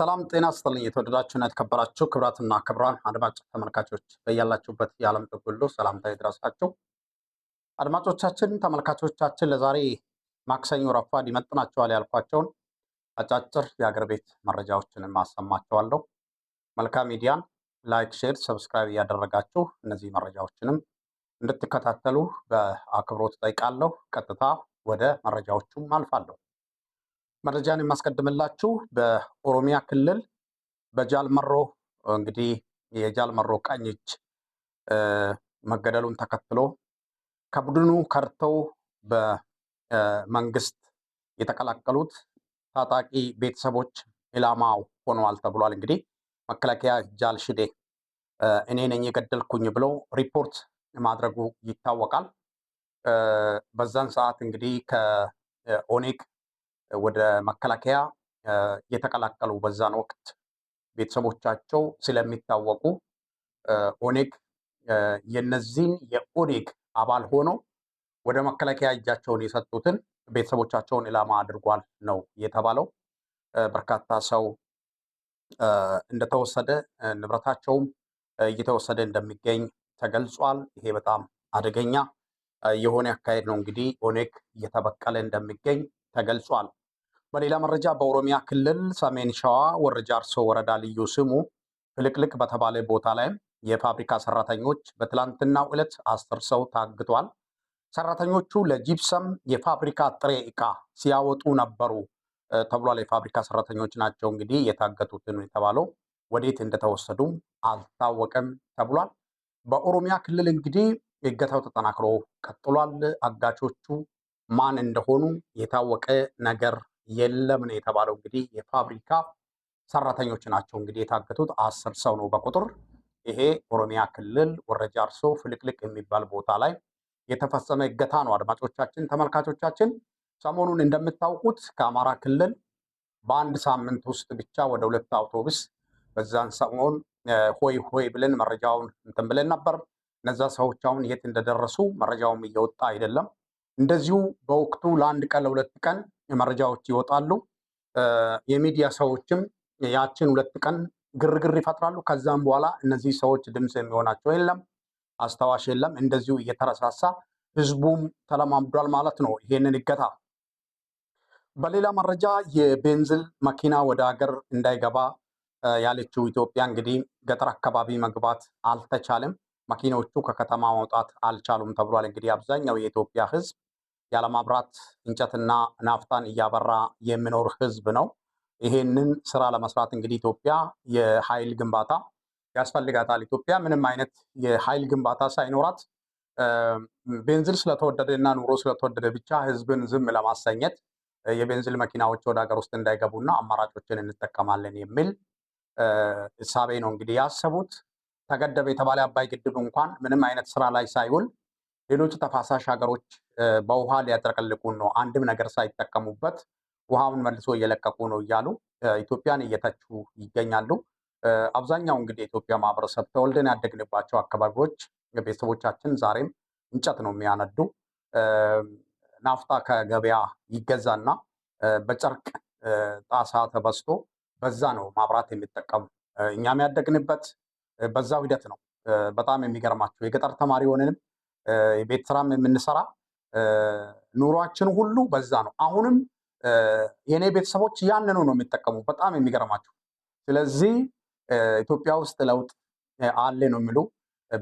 ሰላም ጤና ስጥልኝ። የተወደዳችሁና የተከበራችሁ ክብራትና ክብራን አድማጭ ተመልካቾች በያላችሁበት የዓለም ጥግ ሁሉ ሰላምታ ይድረሳችሁ። አድማጮቻችን፣ ተመልካቾቻችን ለዛሬ ማክሰኞ ረፋድ ይመጥናቸዋል ያልኳቸውን አጫጭር የአገር ቤት መረጃዎችንም አሰማቸዋለሁ። መልካም ሚዲያን ላይክ፣ ሼር፣ ሰብስክራይብ እያደረጋችሁ እነዚህ መረጃዎችንም እንድትከታተሉ በአክብሮት ጠይቃለሁ። ቀጥታ ወደ መረጃዎቹም አልፋለሁ። መረጃን የማስቀድምላችሁ በኦሮሚያ ክልል በጃልመሮ እንግዲህ የጃልመሮ ቀኝ እጅ መገደሉን ተከትሎ ከቡድኑ ከርተው በመንግስት የተቀላቀሉት ታጣቂ ቤተሰቦች ኢላማ ሆነዋል ተብሏል። እንግዲህ መከላከያ ሽዴ እኔ ነኝ የገደልኩኝ ብሎ ሪፖርት ማድረጉ ይታወቃል። በዛን ሰዓት እንግዲህ ከኦኔግ ወደ መከላከያ የተቀላቀሉ በዛን ወቅት ቤተሰቦቻቸው ስለሚታወቁ ኦኔግ የነዚህን የኦኔግ አባል ሆኖ ወደ መከላከያ እጃቸውን የሰጡትን ቤተሰቦቻቸውን ኢላማ አድርጓል ነው የተባለው። በርካታ ሰው እንደተወሰደ ንብረታቸውም እየተወሰደ እንደሚገኝ ተገልጿል። ይሄ በጣም አደገኛ የሆነ አካሄድ ነው። እንግዲህ ኦኔግ እየተበቀለ እንደሚገኝ ተገልጿል። በሌላ መረጃ በኦሮሚያ ክልል ሰሜን ሸዋ ወረ ጃርሶ ወረዳ ልዩ ስሙ ፍልቅልቅ በተባለ ቦታ ላይ የፋብሪካ ሰራተኞች በትላንትናው ዕለት አስር ሰው ታግቷል። ሰራተኞቹ ለጂፕሰም የፋብሪካ ጥሬ ዕቃ ሲያወጡ ነበሩ ተብሏል። የፋብሪካ ሰራተኞች ናቸው እንግዲህ የታገቱትን የተባለው ወዴት እንደተወሰዱ አልታወቀም ተብሏል። በኦሮሚያ ክልል እንግዲህ እገታው ተጠናክሮ ቀጥሏል። አጋቾቹ ማን እንደሆኑ የታወቀ ነገር የለም ነው የተባለው። እንግዲህ የፋብሪካ ሰራተኞች ናቸው እንግዲህ የታገቱት አስር ሰው ነው በቁጥር ይሄ ኦሮሚያ ክልል ወረጃ አርሶ ፍልቅልቅ የሚባል ቦታ ላይ የተፈጸመ እገታ ነው። አድማጮቻችን፣ ተመልካቾቻችን ሰሞኑን እንደምታውቁት ከአማራ ክልል በአንድ ሳምንት ውስጥ ብቻ ወደ ሁለት አውቶቡስ በዛን ሰሞን ሆይ ሆይ ብለን መረጃውን እንትን ብለን ነበር። እነዛ ሰዎች አሁን የት እንደደረሱ መረጃውም እየወጣ አይደለም። እንደዚሁ በወቅቱ ለአንድ ቀን ለሁለት ቀን መረጃዎች ይወጣሉ። የሚዲያ ሰዎችም ያችን ሁለት ቀን ግርግር ይፈጥራሉ። ከዛም በኋላ እነዚህ ሰዎች ድምፅ የሚሆናቸው የለም፣ አስታዋሽ የለም። እንደዚሁ እየተረሳሳ ህዝቡም ተለማምዷል ማለት ነው ይሄንን እገታ። በሌላ መረጃ የቤንዝል መኪና ወደ ሀገር እንዳይገባ ያለችው ኢትዮጵያ እንግዲህ ገጠር አካባቢ መግባት አልተቻለም፣ መኪኖቹ ከከተማ መውጣት አልቻሉም ተብሏል። እንግዲህ አብዛኛው የኢትዮጵያ ህዝብ ያለማብራት እንጨትና ናፍጣን እያበራ የሚኖር ህዝብ ነው። ይሄንን ስራ ለመስራት እንግዲህ ኢትዮጵያ የኃይል ግንባታ ያስፈልጋታል። ኢትዮጵያ ምንም አይነት የኃይል ግንባታ ሳይኖራት ቤንዚል ስለተወደደ እና ኑሮ ስለተወደደ ብቻ ህዝብን ዝም ለማሰኘት የቤንዚል መኪናዎች ወደ ሀገር ውስጥ እንዳይገቡና አማራጮችን እንጠቀማለን የሚል እሳቤ ነው እንግዲህ ያሰቡት። ተገደበ የተባለ አባይ ግድብ እንኳን ምንም አይነት ስራ ላይ ሳይውል ሌሎቹ ተፋሳሽ ሀገሮች በውሃ ሊያጥለቀልቁን ነው፣ አንድም ነገር ሳይጠቀሙበት ውሃውን መልሶ እየለቀቁ ነው እያሉ ኢትዮጵያን እየተቹ ይገኛሉ። አብዛኛው እንግዲህ የኢትዮጵያ ማህበረሰብ ተወልደን ያደግንባቸው አካባቢዎች ቤተሰቦቻችን ዛሬም እንጨት ነው የሚያነዱ። ናፍታ ከገበያ ይገዛና በጨርቅ ጣሳ ተበስቶ በዛ ነው ማብራት የሚጠቀሙ። እኛም ያደግንበት በዛው ሂደት ነው። በጣም የሚገርማቸው የገጠር ተማሪ ሆነንም የቤት ስራም የምንሰራ ኑሯችን ሁሉ በዛ ነው። አሁንም የእኔ ቤተሰቦች ያንኑ ነው የሚጠቀሙ። በጣም የሚገርማቸው። ስለዚህ ኢትዮጵያ ውስጥ ለውጥ አለ ነው የሚሉ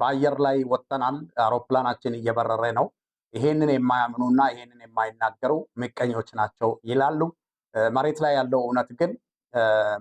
በአየር ላይ ወጥተናል። አውሮፕላናችን እየበረረ ነው። ይሄንን የማያምኑና ይሄንን የማይናገሩ ምቀኞች ናቸው ይላሉ። መሬት ላይ ያለው እውነት ግን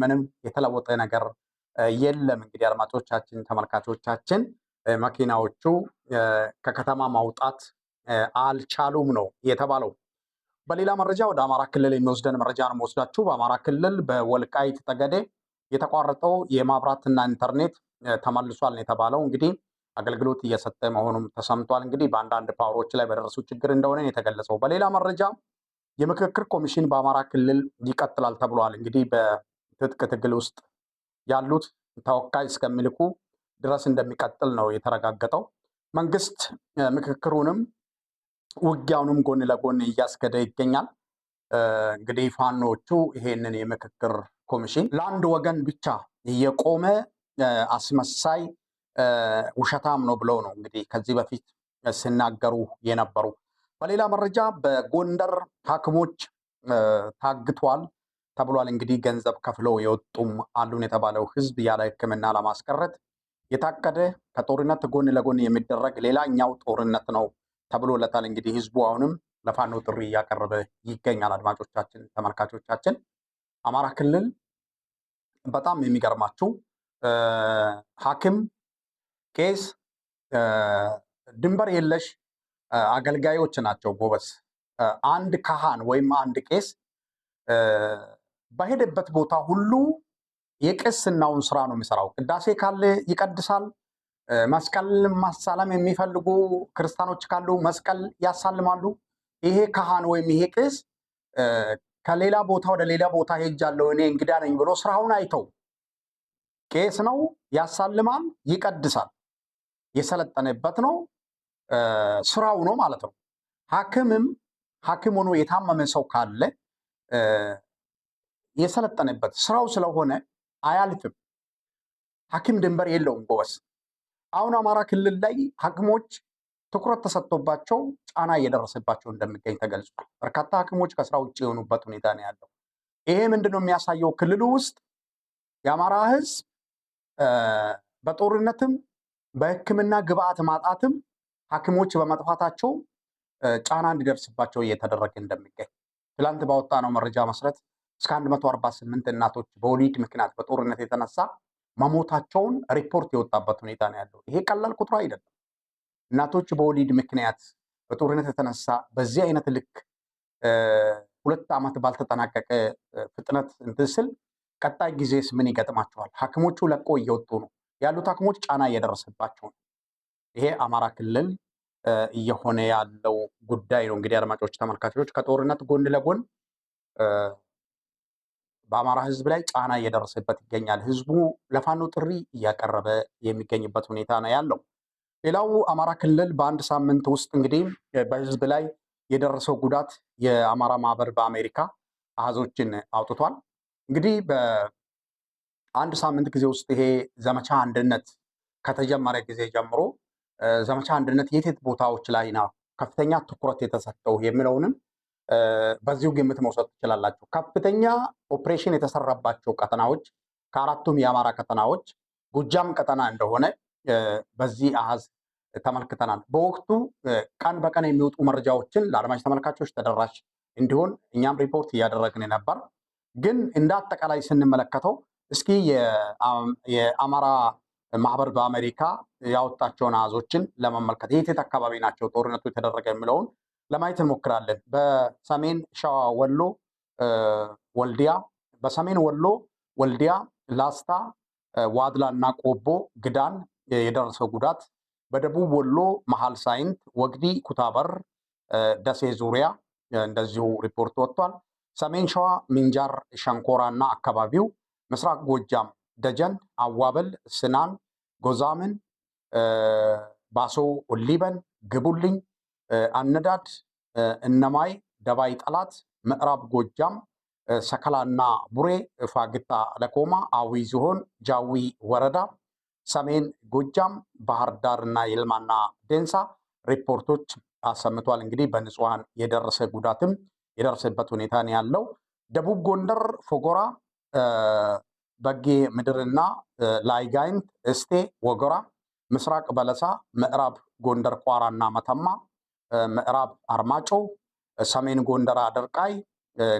ምንም የተለወጠ ነገር የለም። እንግዲህ አድማጮቻችን፣ ተመልካቾቻችን መኪናዎቹ ከከተማ ማውጣት አልቻሉም ነው የተባለው። በሌላ መረጃ ወደ አማራ ክልል የሚወስደን መረጃ ነው መወስዳችሁ። በአማራ ክልል በወልቃይት ጠገዴ የተቋረጠው የማብራትና ኢንተርኔት ተመልሷል ነው የተባለው። እንግዲህ አገልግሎት እየሰጠ መሆኑም ተሰምቷል። እንግዲህ በአንዳንድ ፓወሮች ላይ በደረሱ ችግር እንደሆነ የተገለጸው። በሌላ መረጃ የምክክር ኮሚሽን በአማራ ክልል ይቀጥላል ተብሏል። እንግዲህ በትጥቅ ትግል ውስጥ ያሉት ተወካይ እስከሚልኩ ድረስ እንደሚቀጥል ነው የተረጋገጠው። መንግስት ምክክሩንም ውጊያውንም ጎን ለጎን እያስገደ ይገኛል። እንግዲህ ፋኖቹ ይሄንን የምክክር ኮሚሽን ለአንድ ወገን ብቻ እየቆመ አስመሳይ ውሸታም ነው ብለው ነው እንግዲህ ከዚህ በፊት ሲናገሩ የነበሩ። በሌላ መረጃ በጎንደር ሐኪሞች ታግቷል ተብሏል። እንግዲህ ገንዘብ ከፍለው የወጡም አሉን የተባለው ህዝብ ያለ ሕክምና ለማስቀረት የታቀደ ከጦርነት ጎን ለጎን የሚደረግ ሌላኛው ጦርነት ነው ተብሎለታል። እንግዲህ ህዝቡ አሁንም ለፋኖ ጥሪ እያቀረበ ይገኛል። አድማጮቻችን፣ ተመልካቾቻችን አማራ ክልል በጣም የሚገርማችሁ ሐኪም፣ ቄስ፣ ድንበር የለሽ አገልጋዮች ናቸው ጎበስ አንድ ካህን ወይም አንድ ቄስ በሄደበት ቦታ ሁሉ የቅስናውን ስራ ነው የሚሰራው። ቅዳሴ ካለ ይቀድሳል። መስቀል ማሳለም የሚፈልጉ ክርስቲያኖች ካሉ መስቀል ያሳልማሉ። ይሄ ካህን ወይም ይሄ ቅስ ከሌላ ቦታ ወደ ሌላ ቦታ ሄጃለሁ እኔ እንግዳ ነኝ ብሎ ስራውን አይተው ቄስ ነው ያሳልማል፣ ይቀድሳል። የሰለጠነበት ነው ስራው ነው ማለት ነው። ሐኪምም ሐኪም ሆኖ የታመመ ሰው ካለ የሰለጠነበት ስራው ስለሆነ አያልፍም። ሐኪም ድንበር የለውም ጎበስ። አሁን አማራ ክልል ላይ ሐኪሞች ትኩረት ተሰጥቶባቸው ጫና እየደረሰባቸው እንደሚገኝ ተገልጿል። በርካታ ሐኪሞች ከስራ ውጭ የሆኑበት ሁኔታ ነው ያለው። ይሄ ምንድን ነው የሚያሳየው? ክልሉ ውስጥ የአማራ ህዝብ በጦርነትም በህክምና ግብአት ማጣትም ሐኪሞች በመጥፋታቸው ጫና እንዲደርስባቸው እየተደረገ እንደሚገኝ ትላንት ባወጣ ነው መረጃ መሰረት እስከ 148 እናቶች በወሊድ ምክንያት በጦርነት የተነሳ መሞታቸውን ሪፖርት የወጣበት ሁኔታ ነው ያለው። ይሄ ቀላል ቁጥር አይደለም። እናቶች በወሊድ ምክንያት በጦርነት የተነሳ በዚህ አይነት ልክ ሁለት ዓመት ባልተጠናቀቀ ፍጥነት እንትን ስል ቀጣይ ጊዜስ ምን ይገጥማቸዋል? ሐኪሞቹ ለቆ እየወጡ ነው ያሉት ሐኪሞች ጫና እየደረሰባቸው ነው። ይሄ አማራ ክልል እየሆነ ያለው ጉዳይ ነው። እንግዲህ አድማጮች፣ ተመልካቾች ከጦርነት ጎን ለጎን በአማራ ህዝብ ላይ ጫና እየደረሰበት ይገኛል። ህዝቡ ለፋኖ ጥሪ እያቀረበ የሚገኝበት ሁኔታ ነው ያለው። ሌላው አማራ ክልል በአንድ ሳምንት ውስጥ እንግዲህ በህዝብ ላይ የደረሰው ጉዳት የአማራ ማህበር በአሜሪካ አሃዞችን አውጥቷል። እንግዲህ በአንድ ሳምንት ጊዜ ውስጥ ይሄ ዘመቻ አንድነት ከተጀመረ ጊዜ ጀምሮ ዘመቻ አንድነት የት የት ቦታዎች ላይ ነው ከፍተኛ ትኩረት የተሰጠው የሚለውንም በዚሁ ግምት መውሰድ ትችላላችሁ። ከፍተኛ ኦፕሬሽን የተሰራባቸው ቀጠናዎች ከአራቱም የአማራ ቀጠናዎች ጎጃም ቀጠና እንደሆነ በዚህ አሃዝ ተመልክተናል። በወቅቱ ቀን በቀን የሚወጡ መረጃዎችን ለአድማጭ ተመልካቾች ተደራሽ እንዲሆን እኛም ሪፖርት እያደረግን ነበር። ግን እንደ አጠቃላይ ስንመለከተው እስኪ የአማራ ማህበር በአሜሪካ ያወጣቸውን አሃዞችን ለመመልከት የት አካባቢ ናቸው ጦርነቱ የተደረገ የሚለውን ለማየት እንሞክራለን። በሰሜን ሸዋ ወሎ ወልዲያ፣ በሰሜን ወሎ ወልዲያ፣ ላስታ፣ ዋድላ እና ቆቦ ግዳን የደረሰው ጉዳት፣ በደቡብ ወሎ መሀል ሳይንት፣ ወግዲ፣ ኩታበር፣ ደሴ ዙሪያ እንደዚሁ ሪፖርት ወጥቷል። ሰሜን ሸዋ ሚንጃር ሸንኮራ እና አካባቢው፣ ምስራቅ ጎጃም ደጀን፣ አዋበል፣ ስናን፣ ጎዛምን፣ ባሶ ሊበን፣ ግቡልኝ አነዳድ፣ እነማይ፣ ደባይ፣ ጠላት፣ ምዕራብ ጎጃም፣ ሰከላና ቡሬ፣ ፋግታ ለኮማ፣ አዊ ዝሆን ጃዊ ወረዳ፣ ሰሜን ጎጃም፣ ባህር እና የልማና ዴንሳ ሪፖርቶች አሰምቷል። እንግዲህ በንጹሐን የደረሰ ጉዳትም የደረሰበት ሁኔታ ነው ያለው። ደቡብ ጎንደር ፎጎራ፣ በጌ ምድርና ላይጋይንት፣ እስቴ፣ ወገራ፣ ምስራቅ በለሳ፣ ምዕራብ ጎንደር ቋራና መተማ ምዕራብ አርማጮ፣ ሰሜን ጎንደር አደርቃይ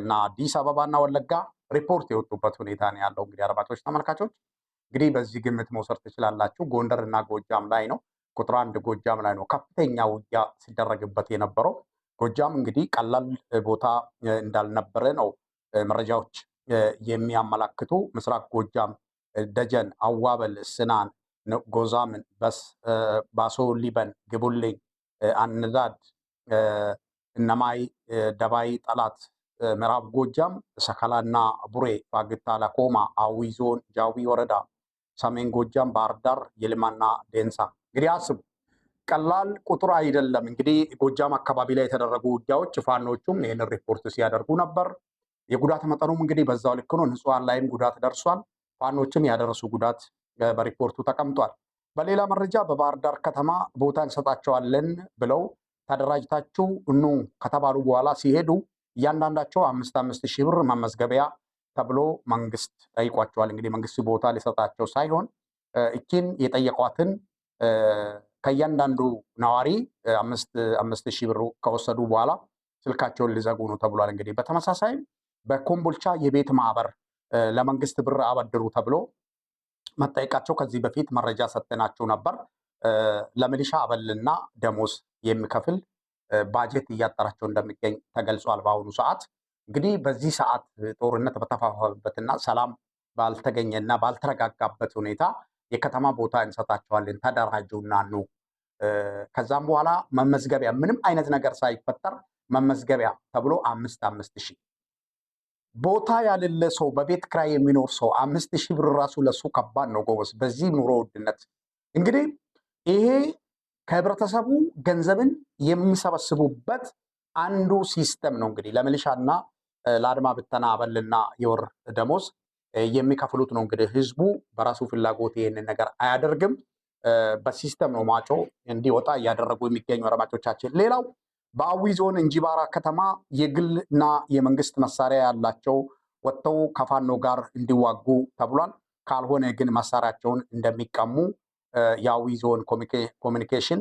እና አዲስ አበባና ወለጋ ሪፖርት የወጡበት ሁኔታ ነው ያለው። እንግዲህ አድማጮች ተመልካቾች እንግዲህ በዚህ ግምት መውሰድ ትችላላችሁ። ጎንደር እና ጎጃም ላይ ነው ቁጥር አንድ ጎጃም ላይ ነው ከፍተኛ ውጊያ ሲደረግበት የነበረው። ጎጃም እንግዲህ ቀላል ቦታ እንዳልነበረ ነው መረጃዎች የሚያመላክቱ። ምስራቅ ጎጃም ደጀን፣ አዋበል፣ ስናን፣ ጎዛምን፣ ባሶ ሊበን፣ ግቡልኝ አንዳድ፣ እነማይ፣ ደባይ፣ ጠላት፣ ምዕራብ ጎጃም፣ ሰከላና ቡሬ፣ ባግታ ለኮማ፣ አዊ ዞን፣ ጃዊ ወረዳ፣ ሰሜን ጎጃም፣ ባህር ዳር፣ ይልማና ዴንሳ። እንግዲህ አስቡ፣ ቀላል ቁጥር አይደለም። እንግዲህ ጎጃም አካባቢ ላይ የተደረጉ ውጊያዎች ፋኖቹም ይህንን ሪፖርት ሲያደርጉ ነበር። የጉዳት መጠኑም እንግዲህ በዛው ልክ ነው። ላይም ጉዳት ደርሷል። ፋኖችም ያደረሱ ጉዳት በሪፖርቱ ተቀምጧል። በሌላ መረጃ በባህር ዳር ከተማ ቦታ እንሰጣቸዋለን ብለው ተደራጅታችሁ ኑ ከተባሉ በኋላ ሲሄዱ እያንዳንዳቸው አምስት አምስት ሺህ ብር መመዝገቢያ ተብሎ መንግስት ጠይቋቸዋል። እንግዲህ መንግስት ቦታ ሊሰጣቸው ሳይሆን እኪን የጠየቋትን ከእያንዳንዱ ነዋሪ አምስት ሺህ ብር ከወሰዱ በኋላ ስልካቸውን ሊዘጉ ነው ተብሏል። እንግዲህ በተመሳሳይ በኮምቦልቻ የቤት ማህበር ለመንግስት ብር አበድሩ ተብሎ መጠየቃቸው ከዚህ በፊት መረጃ ሰጥናችሁ ነበር። ለሚሊሻ አበልና ደሞዝ የሚከፍል ባጀት እያጠራቸው እንደሚገኝ ተገልጿል። በአሁኑ ሰዓት እንግዲህ በዚህ ሰዓት ጦርነት በተፋፋበትና ሰላም ባልተገኘና ባልተረጋጋበት ሁኔታ የከተማ ቦታ እንሰጣቸዋለን ተደራጁና ኑ ከዛም በኋላ መመዝገቢያ ምንም አይነት ነገር ሳይፈጠር መመዝገቢያ ተብሎ አምስት አምስት ሺህ ቦታ ያለለ ሰው በቤት ክራይ የሚኖር ሰው አምስት ሺህ ብር ራሱ ለሱ ከባድ ነው ጎበዝ። በዚህ ኑሮ ውድነት እንግዲህ ይሄ ከህብረተሰቡ ገንዘብን የሚሰበስቡበት አንዱ ሲስተም ነው። እንግዲህ ለሚሊሻና ለአድማ ብተና አበልና የወር ደሞዝ የሚከፍሉት ነው። እንግዲህ ህዝቡ በራሱ ፍላጎት ይህንን ነገር አያደርግም። በሲስተም ነው ማጮ እንዲወጣ እያደረጉ የሚገኙ አድማጮቻችን ሌላው በአዊ ዞን እንጂባራ ከተማ የግልና የመንግስት መሳሪያ ያላቸው ወጥተው ከፋኖ ጋር እንዲዋጉ ተብሏል። ካልሆነ ግን መሳሪያቸውን እንደሚቀሙ የአዊ ዞን ኮሚኒኬሽን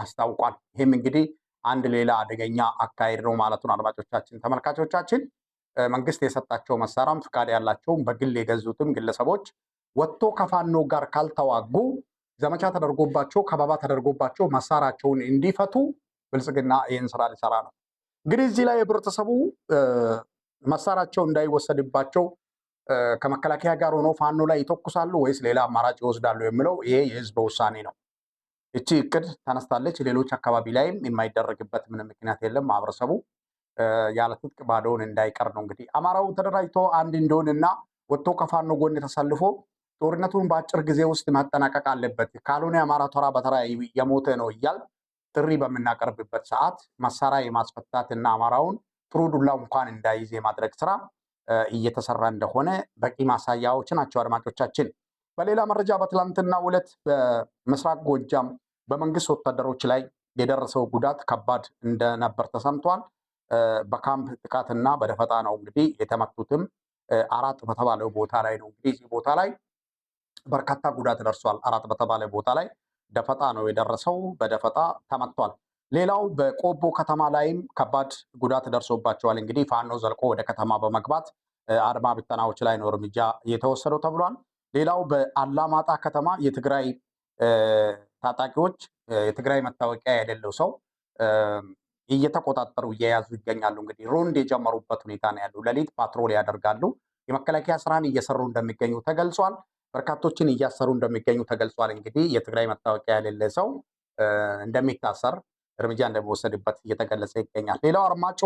አስታውቋል። ይህም እንግዲህ አንድ ሌላ አደገኛ አካሄድ ነው ማለት ነው። አድማጮቻችን፣ ተመልካቾቻችን መንግስት የሰጣቸው መሳሪያም ፍቃድ ያላቸውም በግል የገዙትም ግለሰቦች ወጥቶ ከፋኖ ጋር ካልተዋጉ ዘመቻ ተደርጎባቸው ከበባ ተደርጎባቸው መሳሪያቸውን እንዲፈቱ ብልጽግና ይህን ስራ ሊሰራ ነው። እንግዲህ እዚህ ላይ ህብረተሰቡ መሳሪያቸው እንዳይወሰድባቸው ከመከላከያ ጋር ሆኖ ፋኖ ላይ ይተኩሳሉ ወይስ ሌላ አማራጭ ይወስዳሉ የሚለው ይሄ የህዝብ ውሳኔ ነው። እቺ እቅድ ተነስታለች። ሌሎች አካባቢ ላይም የማይደረግበት ምንም ምክንያት የለም። ማህበረሰቡ ያለ ትጥቅ ባዶውን እንዳይቀር ነው። እንግዲህ አማራው ተደራጅቶ አንድ እንዲሆን እና ወጥቶ ከፋኖ ጎን ተሰልፎ ጦርነቱን በአጭር ጊዜ ውስጥ ማጠናቀቅ አለበት። ካልሆነ የአማራ ተራ በተራ የሞተ ነው እያል ጥሪ በምናቀርብበት ሰዓት መሳሪያ የማስፈታት እና አማራውን ጥሩ ዱላ እንኳን እንዳይዝ የማድረግ ስራ እየተሰራ እንደሆነ በቂ ማሳያዎች ናቸው። አድማጮቻችን፣ በሌላ መረጃ በትላንትና ዕለት በምስራቅ ጎጃም በመንግስት ወታደሮች ላይ የደረሰው ጉዳት ከባድ እንደነበር ተሰምቷል። በካምፕ ጥቃትና በደፈጣ ነው እንግዲህ የተመቱትም አራት በተባለው ቦታ ላይ ነው። እንግዲህ እዚህ ቦታ ላይ በርካታ ጉዳት ደርሷል። አራት በተባለ ቦታ ላይ ደፈጣ ነው የደረሰው። በደፈጣ ተመቷል። ሌላው በቆቦ ከተማ ላይም ከባድ ጉዳት ደርሶባቸዋል። እንግዲህ ፋኖ ዘልቆ ወደ ከተማ በመግባት አድማ ብተናዎች ላይ ነው እርምጃ የተወሰደው ተብሏል። ሌላው በአላማጣ ከተማ የትግራይ ታጣቂዎች የትግራይ መታወቂያ የሌለው ሰው እየተቆጣጠሩ እየያዙ ይገኛሉ። እንግዲህ ሩንድ የጀመሩበት ሁኔታ ነው ያሉ። ሌሊት ፓትሮል ያደርጋሉ። የመከላከያ ስራን እየሰሩ እንደሚገኙ ተገልጿል። በርካቶችን እያሰሩ እንደሚገኙ ተገልጿል። እንግዲህ የትግራይ መታወቂያ የሌለ ሰው እንደሚታሰር እርምጃ እንደሚወሰድበት እየተገለጸ ይገኛል። ሌላው አርማጮ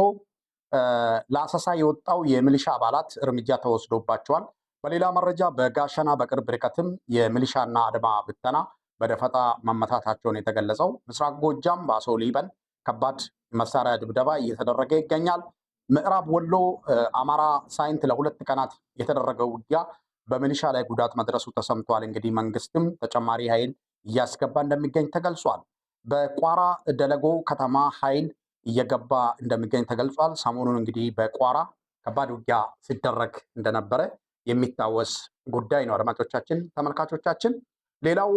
ለአሰሳ የወጣው የሚሊሻ አባላት እርምጃ ተወስዶባቸዋል። በሌላ መረጃ በጋሸና በቅርብ ርቀትም የሚሊሻና አድማ ብተና በደፈጣ መመታታቸውን የተገለጸው ምስራቅ ጎጃም በአሶ ሊበን ከባድ መሳሪያ ድብደባ እየተደረገ ይገኛል። ምዕራብ ወሎ አማራ ሳይንት ለሁለት ቀናት የተደረገው ውጊያ በሚሊሻ ላይ ጉዳት መድረሱ ተሰምቷል። እንግዲህ መንግስትም ተጨማሪ ኃይል እያስገባ እንደሚገኝ ተገልጿል። በቋራ ደለጎ ከተማ ኃይል እየገባ እንደሚገኝ ተገልጿል። ሰሞኑን እንግዲህ በቋራ ከባድ ውጊያ ሲደረግ እንደነበረ የሚታወስ ጉዳይ ነው። አድማጮቻችን፣ ተመልካቾቻችን ሌላው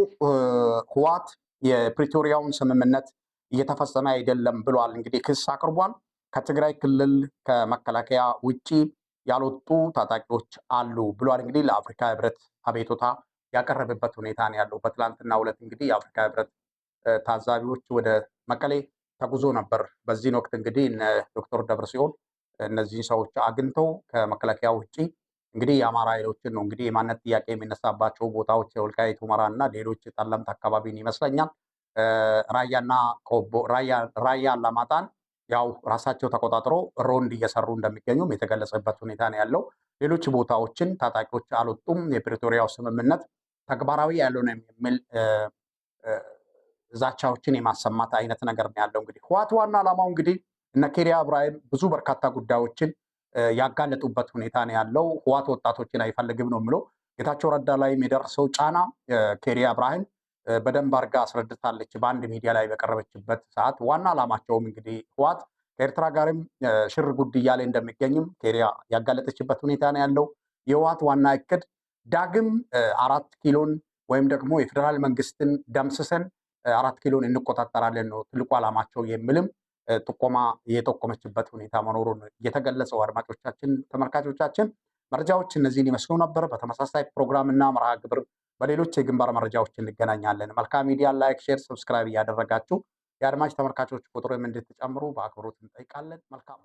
ህዋት የፕሪቶሪያውን ስምምነት እየተፈጸመ አይደለም ብሏል። እንግዲህ ክስ አቅርቧል። ከትግራይ ክልል ከመከላከያ ውጪ ያልወጡ ታጣቂዎች አሉ ብሏል። እንግዲህ ለአፍሪካ ህብረት አቤቶታ ያቀረበበት ሁኔታ ነው ያለው። በትላንትና ሁለት እንግዲህ የአፍሪካ ህብረት ታዛቢዎች ወደ መቀሌ ተጉዞ ነበር። በዚህን ወቅት እንግዲህ እነ ዶክተር ሲሆን እነዚህን ሰዎች አግኝተው ከመከላከያ ውጭ እንግዲህ የአማራ ኃይሎችን ነው እንግዲህ የማንነት ጥያቄ የሚነሳባቸው ቦታዎች የወልቃይት ሁመራ እና ሌሎች ጠለምት አካባቢን ይመስለኛል ራያና ቆቦ ራያ አላማጣን ያው ራሳቸው ተቆጣጥሮ ሮንድ እየሰሩ እንደሚገኙም የተገለጸበት ሁኔታ ነው ያለው። ሌሎች ቦታዎችን ታጣቂዎች አልወጡም፣ የፕሪቶሪያው ስምምነት ተግባራዊ ያልሆነ የሚል ዛቻዎችን የማሰማት አይነት ነገር ነው ያለው። እንግዲህ ህዋት ዋና ዓላማው እንግዲህ እነ ኬሪያ እብራሂም ብዙ በርካታ ጉዳዮችን ያጋለጡበት ሁኔታ ነው ያለው። ህዋት ወጣቶችን አይፈልግም ነው የሚለው። ጌታቸው ረዳ ላይ የሚደርሰው ጫና ኬሪያ እብራሂም በደንብ አርጋ አስረድታለች። በአንድ ሚዲያ ላይ በቀረበችበት ሰዓት ዋና ዓላማቸውም እንግዲህ ህዋት ከኤርትራ ጋርም ሽር ጉድ እያለ እንደሚገኝም ኬሪያ ያጋለጠችበት ሁኔታ ነው ያለው። የህዋት ዋና እቅድ ዳግም አራት ኪሎን ወይም ደግሞ የፌዴራል መንግስትን ደምስሰን አራት ኪሎን እንቆጣጠራለን ነው ትልቁ ዓላማቸው የሚልም ጥቆማ የጠቆመችበት ሁኔታ መኖሩን የተገለጸው። አድማጮቻችን፣ ተመልካቾቻችን መረጃዎች እነዚህን ይመስሉ ነበር። በተመሳሳይ ፕሮግራም እና መርሃ ግብር በሌሎች የግንባር መረጃዎች እንገናኛለን። መልካም ሚዲያ ላይክ፣ ሼር፣ ሰብስክራይብ እያደረጋችሁ የአድማጭ ተመልካቾች ቁጥርም እንድትጨምሩ በአክብሮት እንጠይቃለን። መልካም